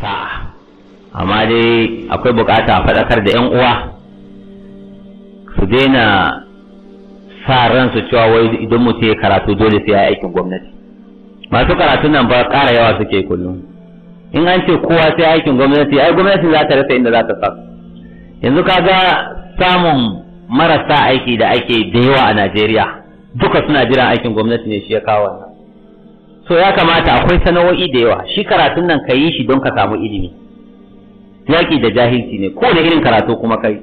sa'a amma dai akwai bukata a faɗakar da 'yan uwa su daina sa ransu cewa wai idan mutum ya karatu dole sai ya aikin gwamnati masu karatu nan ba ƙara yawa suke kullum in an ce kowa sai aikin gwamnati ai gwamnati za ta rasa inda za ta sa yanzu kaga samun marasa aiki da ake da yawa a Najeriya duka suna jiran aikin gwamnati ne shi ya kawo so ya kamata akwai sana'o'i da yawa shi karatun nan ka yi shi don ka samu ilimi yaƙi da jahilci ne ko da irin karatu kuma kai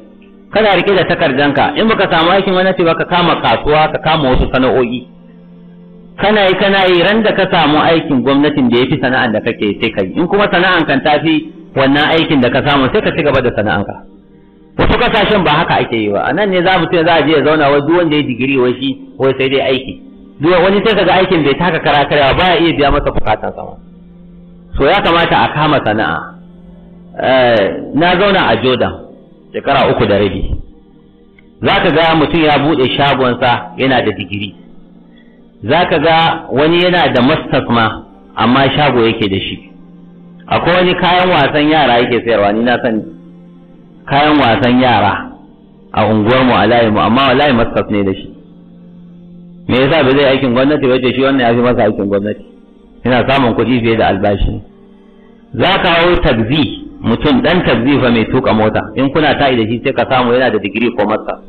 kana rike da takardanka in baka samu aikin wani ba ka kama kasuwa ka kama wasu sana'o'i kana yi kana yi ran da ka samu aikin gwamnatin da ya sana'an da kake sai ka yi in kuma sana'an kan ta wannan aikin da ka samu sai ka ci gaba da sana'anka wasu kasashen ba haka ake yi ba a nan ne za mu ce za a je ya zauna wai duk wanda ya digiri wai shi wai sai dai aiki duk wani sai kaga aikin bai taka kara ba ya iya biya masa bukatan sama so ya kamata a kama sana'a eh, na zauna a Jordan shekara uku da rabi zaka ga mutum ya bude shagonsa yana da digiri zaka ga wani yana da masters ma amma shago yake da shi akwai wani kayan wasan yara yake sayarwa ni na sani kayan wasan yara a unguwarmu a layinmu amma wallahi masters ne da shi me yasa ba zai aikin gwamnati ba ce shi wannan ya fi masa aikin gwamnati yana samun kuɗi fiye da albashi za ka hau tabzi mutum dan tabzi fa mai tuka mota in kuna ta da shi sai ka samu yana da digiri ko masa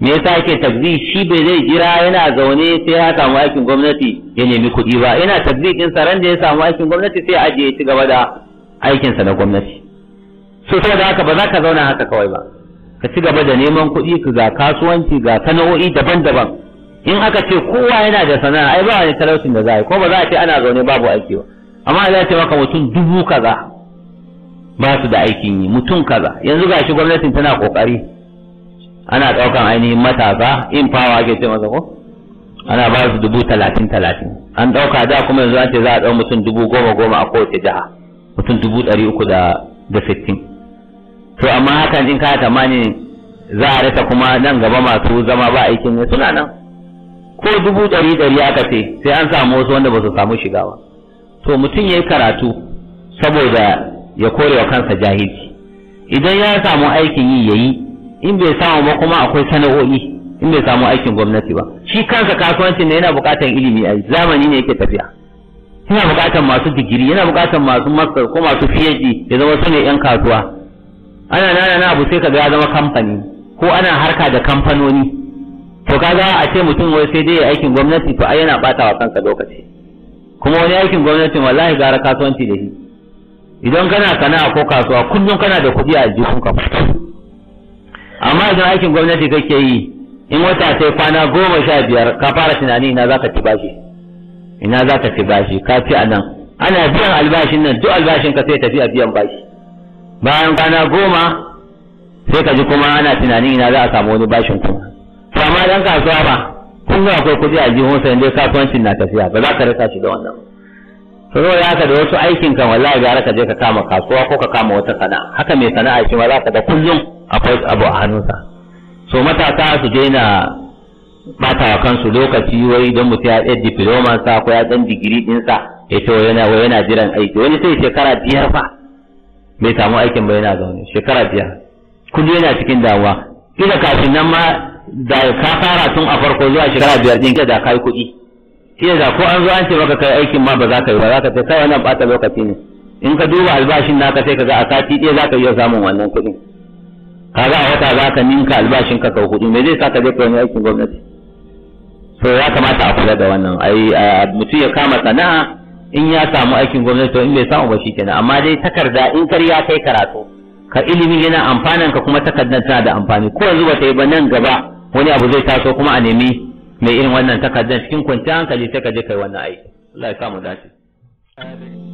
me yasa yake tabzi shi bai zai jira yana zaune sai ya samu aikin gwamnati ya nemi kuɗi ba yana tabzi din saran da ya samu aikin gwamnati sai aje ya ci gaba da aikinsa na gwamnati so da haka ba za ka zauna haka kawai ba ka ci gaba da neman kuɗi ga kasuwanci ga sana'o'i daban-daban in aka ce kowa yana da sana'a ai ba wani talaucin da za a yi ko ba za a ce ana zaune babu aiki ba amma za a ce maka mutum dubu kaza ba su da aikin yi mutum kaza yanzu gashi gwamnatin tana kokari ana daukan ainihin matasa in fawa ake ce masa ko ana ba su dubu talatin talatin an dauka da kuma yanzu an ce za a dau mutum dubu goma goma a kowace jiha mutum dubu ɗari uku da da sittin to amma hakan in ka tamani za a rasa kuma nan gaba masu zama ba aikin ne suna nan ko dubu ɗari ɗari aka ce sai an samu wasu wanda ba su samu shiga ba to mutum ya yi karatu saboda ya kore wa kansa jahilci idan ya samu aikin yi ya yi in bai samu ba kuma akwai sana'o'i in bai samu aikin gwamnati ba shi kansa kasuwanci ne yana buƙatar ilimi a zamani ne yake tafiya yana buƙatar masu digiri yana buƙatar masu master ko masu phd ya zama sune yan kasuwa ana nana na abu sai kaga ya zama kamfani ko ana harka da kamfanoni to kaga a ce mutum wai sai dai aikin gwamnati to ai yana bata wa kansa lokaci kuma wani aikin gwamnati wallahi gara kasuwanci da shi idan kana sana'a ko kasuwa kullum kana da kuɗi a ka amma idan aikin gwamnati kake yi in wata sai kwana goma sha biyar ka fara tunani ina za ka ci bashi ina za ka ci bashi ka ci anan ana biyan albashin nan duk albashin ka sai tafi a biyan bashi bayan kwana goma sai ka ji kuma ana tunanin ina za a samu wani bashin kuma to amma dan kasuwa ba kun akwai kuɗi a jihun sai dai kasuwancin na tafiya ba za ka rasa shi da wannan ya ka da wasu aikin kan wallahi gara ka je ka kama kasuwa ko ka kama wata sana'a haka mai sana'a shi ma za ka da kullum akwai abu a hannunsa so matasa su daina bata wa kansu lokaci wai don mutum ya tsaye diploma sa ko ya dan digiri ɗinsa ya ce yana wai yana jiran aiki wani sai shekara biyar fa bai samu aikin ba yana zaune shekara biyar kullum yana cikin damuwa ina kafin nan ma da ka fara tun a farko zuwa shekara biyar ɗin da ka yi kuɗi shi da ko an zo an ce maka kai aikin ma ba za ka yi ba za ka ce kai wannan ɓata lokaci ne in ka duba albashin naka sai ka ga a sati ɗaya za ka iya samun wannan kuɗin ka ga a wata za ka ninka albashin ka kau kuɗi me zai sa ka zai ka aikin gwamnati so ya kamata a kula da wannan ai mutum ya kama sana'a in ya samu aikin gwamnati to in bai samu ba shikenan amma dai takarda in karya kai karatu ka ilimi yana amfanan ka kuma takardar tana da amfani ko yanzu ba ta yi ba nan gaba wani abu zai taso kuma a nemi mai irin wannan takardar cikin kwanciyar hankali sai ka je kai wannan aiki Allah ya dace